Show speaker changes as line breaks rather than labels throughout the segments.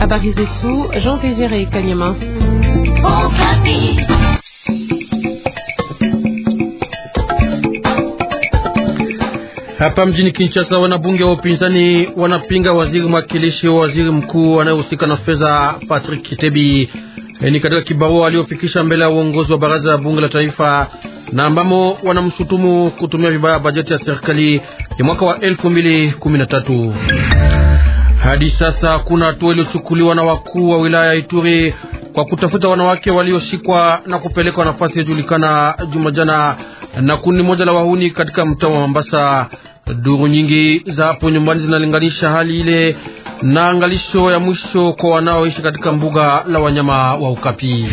Habari zetu Jean Désiré
Kanyama. Hapa mjini Kinshasa, wanabunge wa upinzani wanapinga waziri mwakilishi wa waziri mkuu anayehusika na fedha Patrick Kitebi. E, ni katika kibarua aliyofikisha mbele ya uongozi wa baraza la bunge la taifa na ambamo wanamshutumu kutumia vibaya bajeti ya serikali ya mwaka wa 2013. Hadi sasa kuna hatua iliyochukuliwa na wakuu wa wilaya ya Ituri kwa kutafuta wanawake walioshikwa na kupelekwa nafasi iyojulikana jumajana na kundi moja la wahuni katika mtaa wa Mombasa. Duru nyingi za hapo nyumbani zinalinganisha hali ile na angalisho ya mwisho kwa wanaoishi katika mbuga la wanyama wa Ukapi.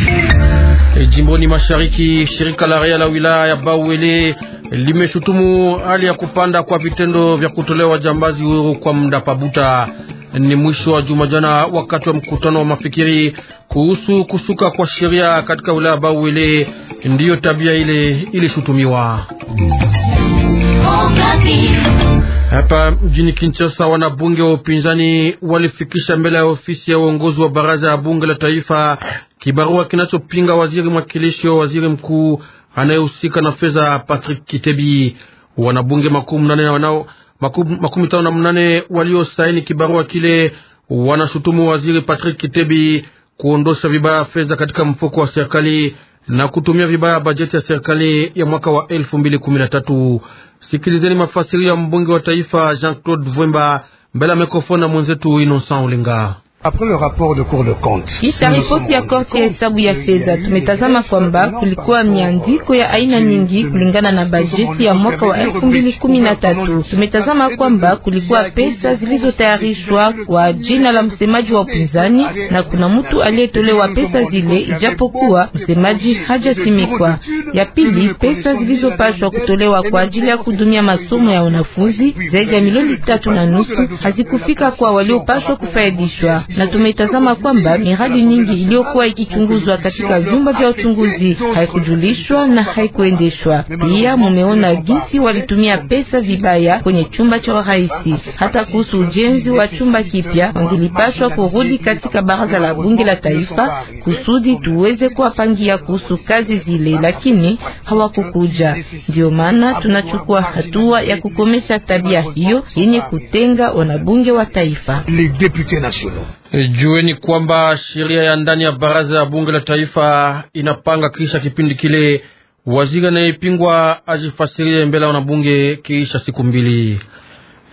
E, jimboni mashariki, shirika la raia la wilaya ya Bawele e, limeshutumu hali ya kupanda kwa vitendo vya kutolewa jambazi huru kwa muda Pabuta. E, ni mwisho wa juma jana, wakati wa mkutano wa mafikiri kuhusu kushuka kwa sheria katika wilaya ya Bawele, ndiyo tabia ile ilishutumiwa. Hapa mjini Kinshasa, wanabunge wa upinzani walifikisha mbele ya ofisi ya uongozi wa baraza ya bunge la taifa kibarua kinachopinga waziri mwakilishi wa waziri mkuu anayehusika na fedha Patrick Kitebi. Wanabunge makumi nane wanao makumi tano na mnane waliosaini kibarua kile wanashutumu waziri Patrick Kitebi kuondosha vibaya fedha katika mfuko wa serikali na kutumia vibaya bajeti ya serikali ya mwaka wa tatu. Sikilizeni mafasiri ya mbunge wa taifa Jean-Claude Vwemba mbele ya mikrofoni na mwenzetu Innocent Ulinga. Kisha
ripoti ya korti ya hesabu ya fedha, tumetazama kwamba kulikuwa miandiko ya aina nyingi kulingana na bajeti ya mwaka wa 2013. Tumetazama kwamba kulikuwa pesa zilizotayarishwa kwa jina la msemaji wa upinzani na kuna mtu aliyetolewa pesa zile, ijapokuwa msemaji hajasimikwa. Ya pili, pesa zilizopaswa kutolewa kwa ajili ya kudumia masomo ya wanafunzi zaidi ya milioni tatu na nusu hazikufika kwa waliopaswa kufaidishwa na tumetazama kwamba miradi nyingi iliyokuwa ikichunguzwa katika vyumba vya uchunguzi haikujulishwa na haikuendeshwa. Pia mumeona gisi walitumia pesa vibaya kwenye chumba cha waraisi. Hata kuhusu ujenzi wa chumba kipya, wangelipashwa kurudi katika baraza la bunge la taifa kusudi tuweze kuwapangia kuhusu kazi zile, lakini hawakukuja. Ndio maana tunachukua hatua ya kukomesha tabia hiyo yenye kutenga wanabunge wa taifa.
E, jueni kwamba sheria ya ndani ya baraza ya bunge la taifa inapanga kisha kipindi kile waziri anayepingwa ajifasirie mbele wanabunge kisha siku mbili,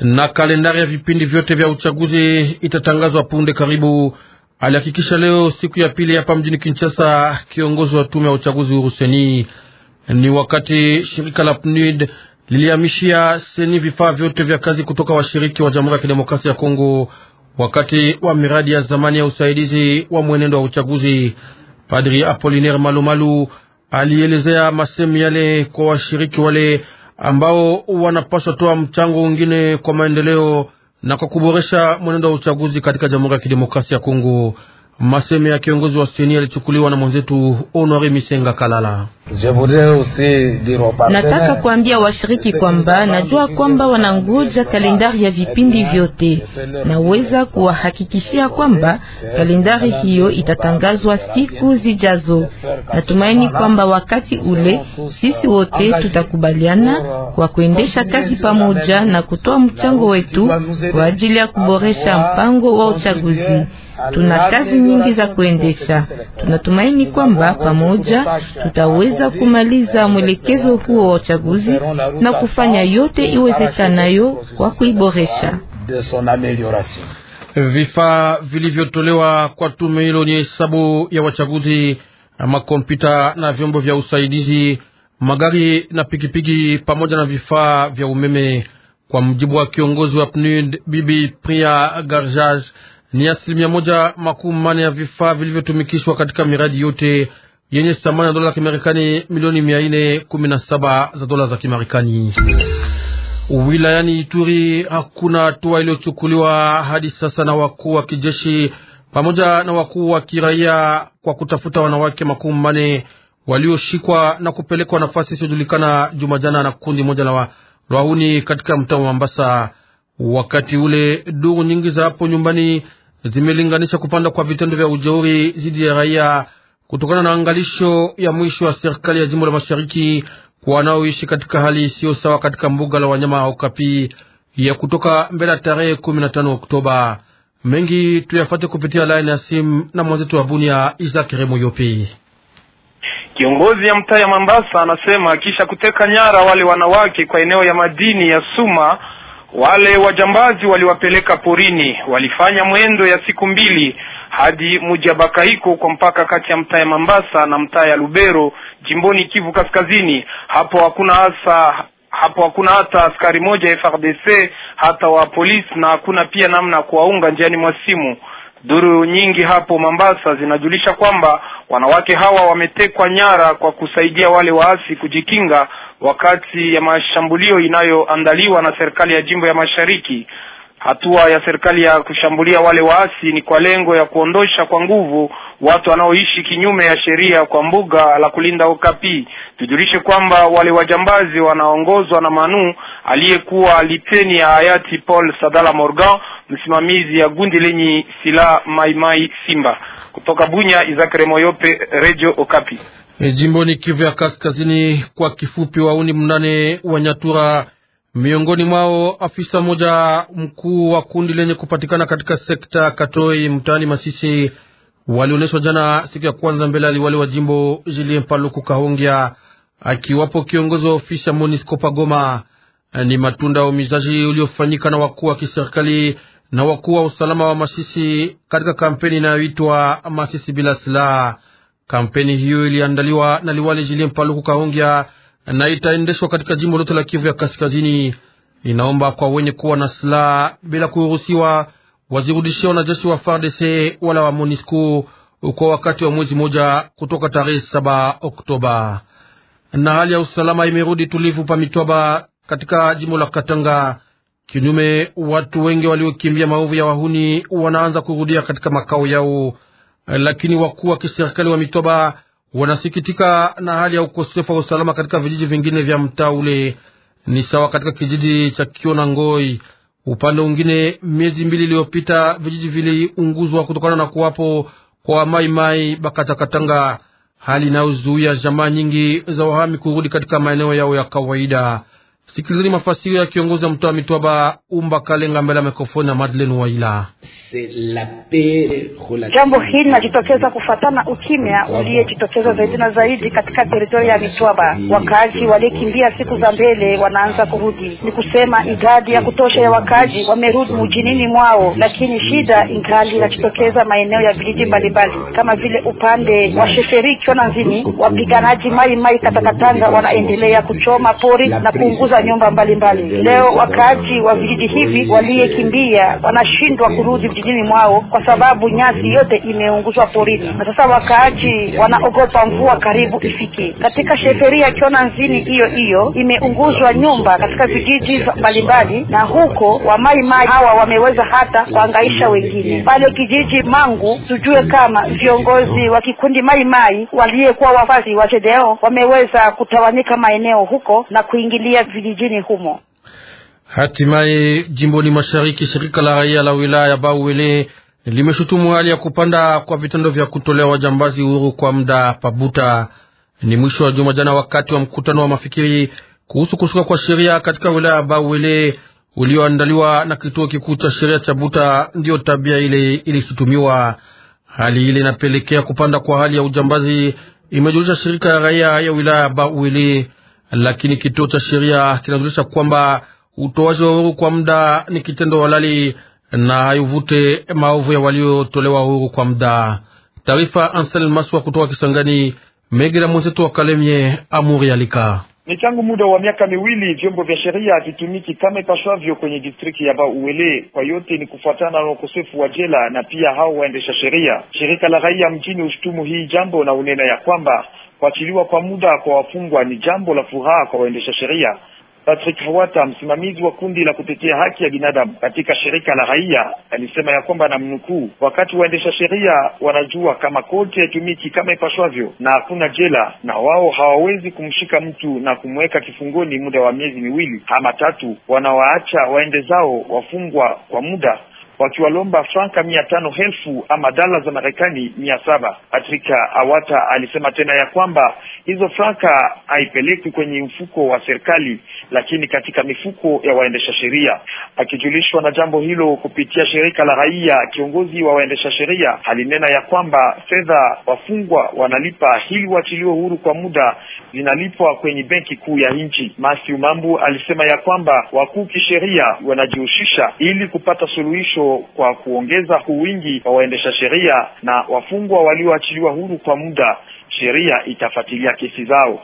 na kalendari ya vipindi vyote vya uchaguzi itatangazwa punde karibu, alihakikisha leo siku ya pili hapa mjini Kinshasa kiongozi wa tume ya uchaguzi Uruseni. Ni wakati shirika la PNUD lilihamishia Seni vifaa vyote vya kazi kutoka washiriki wa, wa Jamhuri ya Kidemokrasia ya Kongo wakati wa miradi ya zamani ya usaidizi wa mwenendo wa uchaguzi. Padri Apolinaire Malumalu alielezea masemi yale kwa washiriki wale ambao wanapaswa toa mchango wengine kwa maendeleo na kwa kuboresha mwenendo wa uchaguzi katika Jamhuri ya Kidemokrasia ya Kongo. Maseme ya kiongozi wa seni alichukuliwa na mwenzetu Honore Misenga Kalala. Nataka
kuambia washiriki kwamba najua kwamba wanangoja kalendari ya vipindi vyote. Naweza kuwahakikishia kwamba kalendari hiyo itatangazwa siku zijazo. Natumaini kwamba wakati ule sisi euh, wote tutakubaliana euh, kwa kuendesha kazi pamoja na kutoa mchango wetu kwa ajili ya kuboresha mpango wa uchaguzi. Tuna kazi nyingi za kuendesha. Tunatumaini kwamba pamoja tutaweza kumaliza mwelekezo huo wa uchaguzi na kufanya yote iwezekanayo kwa kuiboresha.
Vifaa vilivyotolewa kwa tume hilo ni hesabu ya wachaguzi, makompyuta na vyombo vya usaidizi, magari na pikipiki, pamoja na vifaa vya umeme, kwa mjibu wa kiongozi wa PNUD Bibi Priya Garjaj ni asilimia moja makumi mane ya vifaa vilivyotumikishwa katika miradi yote yenye thamani ya dola za Kimarekani milioni mia nne kumi na saba za dola za Kimarekani. Wilayani Ituri hakuna hatua iliyochukuliwa hadi sasa na wakuu wa kijeshi pamoja na wakuu wa kiraia kwa kutafuta wanawake makumi mane walioshikwa na kupelekwa nafasi isiyojulikana Jumajana na kundi moja la wahuni katika mtaa wa Mambasa. Wakati ule duru nyingi za hapo nyumbani zimelinganisha kupanda kwa vitendo vya ujeuri dhidi ya raia kutokana na angalisho ya mwisho ya serikali ya jimbo la mashariki kwa wanaoishi katika hali isiyo sawa katika mbuga la wanyama Okapi ya kutoka mbele ya tarehe 15 Oktoba. Mengi tuyafate kupitia laini ya simu na mwenzetu wa Bunia, Isaac Remo Yopi.
Kiongozi ya mtaa ya Mambasa anasema kisha kuteka nyara wale wanawake kwa eneo ya madini ya Suma wale wajambazi waliwapeleka porini, walifanya mwendo ya siku mbili hadi mujabaka hiko kwa mpaka kati ya mtaa ya Mambasa na mtaa ya Lubero jimboni Kivu Kaskazini. Hapo hakuna hasa hapo hakuna hata askari moja frdc hata wa polisi, na hakuna pia namna ya kuwaunga njiani mwa simu. Duru nyingi hapo Mombasa zinajulisha kwamba wanawake hawa wametekwa nyara kwa kusaidia wale waasi kujikinga wakati ya mashambulio inayoandaliwa na serikali ya jimbo ya Mashariki. Hatua ya serikali ya kushambulia wale waasi ni kwa lengo ya kuondosha kwa nguvu watu wanaoishi kinyume ya sheria kwa mbuga la kulinda Okapi. Tujulishe kwamba wale wajambazi wanaongozwa na Manu aliyekuwa liteni ya hayati Paul Sadala Morgan msimamizi ya gundi lenye silaha Maimai Simba kutoka Bunya. Izakare Moyope, Radio Okapi.
E, jimbo ni Kivu ya Kaskazini, kwa kifupi wauni mnane wa Nyatura, miongoni mwao afisa mmoja mkuu wa kundi lenye kupatikana katika sekta Katoi mtaani Masisi, walionyeshwa jana siku ya kwanza mbele aliwali wa jimbo Julien Mpaluku Kahongia, akiwapo kiongozi wa ofisi ya Monisco Pagoma. E, ni matunda ya umizaji uliofanyika na wakuu wa kiserikali na wakuu wa usalama wa Masisi katika kampeni inayoitwa Masisi bila silaha. Kampeni hiyo iliandaliwa na liwali Julien Paluku Kahongya na itaendeshwa katika jimbo lote la Kivu ya Kaskazini. Inaomba kwa wenye kuwa na silaha bila kuruhusiwa wazirudishie wanajeshi wa FARDC wala wa MONUSCO kwa wakati wa mwezi moja kutoka tarehe saba Oktoba. Na hali ya usalama imerudi tulivu pa Mitwaba katika jimbo la Katanga Kinyume, watu wengi waliokimbia maovu ya wahuni wanaanza kurudia katika makao yao, lakini wakuu wa kiserikali wa Mitoba wanasikitika na hali ya ukosefu wa usalama katika vijiji vingine vya mtaa ule, ni sawa katika kijiji cha Kiona Ngoi. Upande mwingine, miezi mbili iliyopita vijiji viliunguzwa kutokana na kuwapo kwa wamaimai Bakatakatanga, hali inayozuia jamaa nyingi za wahami kurudi katika maeneo yao ya kawaida. Sikilizeni mafasiri ya kiongozi wa mtoa mitwaba Umba Kalenga mbele ya mikrofoni ya Madeleine Waila. Jambo
hili linajitokeza kufatana ukimya uliyejitokeza zaidi na zaidi katika teritoria ya Mitwaba. Wakaaji waliokimbia siku za mbele wanaanza kurudi, ni kusema idadi ya kutosha ya wakaaji wamerudi mjinini mwao, lakini shida ingali inajitokeza maeneo ya vijiji mbalimbali kama vile upande wa Sheferi Chonanzini, wapiganaji Mai Mai Katakatanga wanaendelea kuchoma pori na kuunguza kuuza nyumba mbalimbali mbali. Leo wakaaji wa vijiji hivi waliyekimbia wanashindwa kurudi vijijini mwao kwa sababu nyasi yote imeunguzwa porini, na sasa wakaaji wanaogopa mvua karibu ifike. Katika sheferia Chona nzini hiyo hiyo imeunguzwa nyumba katika vijiji mbalimbali, na huko wamaimai hawa wameweza hata kuangaisha wengine pale kijiji Mangu. Tujue kama viongozi wa kikundi maimai waliyekuwa wafasi wa CDO wameweza kutawanyika maeneo huko na kuingilia vijiji vijijini humo.
Hatimaye jimboni mashariki, shirika la raia la wilaya ya Bauwele limeshutumu hali ya kupanda kwa vitendo vya kutolea wajambazi uhuru kwa muda Pabuta. Ni mwisho wa juma jana, wakati wa mkutano wa mafikiri kuhusu kushuka kwa sheria katika wilaya ya Bauwele ulioandaliwa na kituo kikuu cha sheria cha Buta, ndiyo tabia ile ilishutumiwa. Hali ile inapelekea kupanda kwa hali ya ujambazi, imejulisha shirika ya raia ya wilaya ya Bauwele lakini kituo cha sheria kinajulisha kwamba utoaji wa huru kwa muda ni kitendo halali na hayuvute maovu ya waliotolewa huru kwa muda. Taarifa Ansel Maswa kutoka Kisangani, Megera mwenzetu wa Kalemie, Amuri alika
ni tangu muda wa miaka miwili vyombo vya sheria havitumiki kama ipashwavyo kwenye distrikti ya Bauele. Kwa yote ni kufuatana na ukosefu wa jela na pia hao waendesha sheria. Shirika la raia mjini ushtumu hii jambo na unena ya kwamba Kuachiliwa kwa muda kwa wafungwa ni jambo la furaha kwa waendesha sheria. Patrick hawata msimamizi wa kundi la kutetea haki ya binadamu katika shirika la raia, alisema ya kwamba na mnukuu wakati waendesha sheria wanajua kama koti haitumiki kama ipashwavyo na hakuna jela, na wao hawawezi kumshika mtu na kumweka kifungoni muda wa miezi miwili ama tatu, wanawaacha waende zao wafungwa kwa muda wakiwalomba franka mia tano elfu ama dala za Marekani mia saba. Patrika Awata alisema tena ya kwamba hizo franka haipelekwi kwenye mfuko wa serikali lakini katika mifuko ya waendesha sheria. Akijulishwa na jambo hilo kupitia shirika la raia, kiongozi wa waendesha sheria alinena ya kwamba fedha wafungwa wanalipa ili waachiliwe huru kwa muda zinalipwa kwenye benki kuu ya nchi. Matthew Mambu alisema ya kwamba wakuu kisheria wanajihusisha ili kupata suluhisho kwa kuongeza uwingi wa waendesha sheria na wafungwa walioachiliwa huru kwa muda, sheria itafuatilia kesi zao.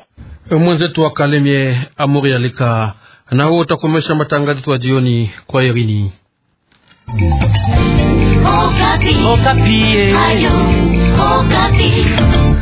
Mwenzetu wa Kalemie Amuri Alika na huo utakomesha matangazo ya jioni kwa Irini
Okapi.
Okapi. Ayo, Okapi.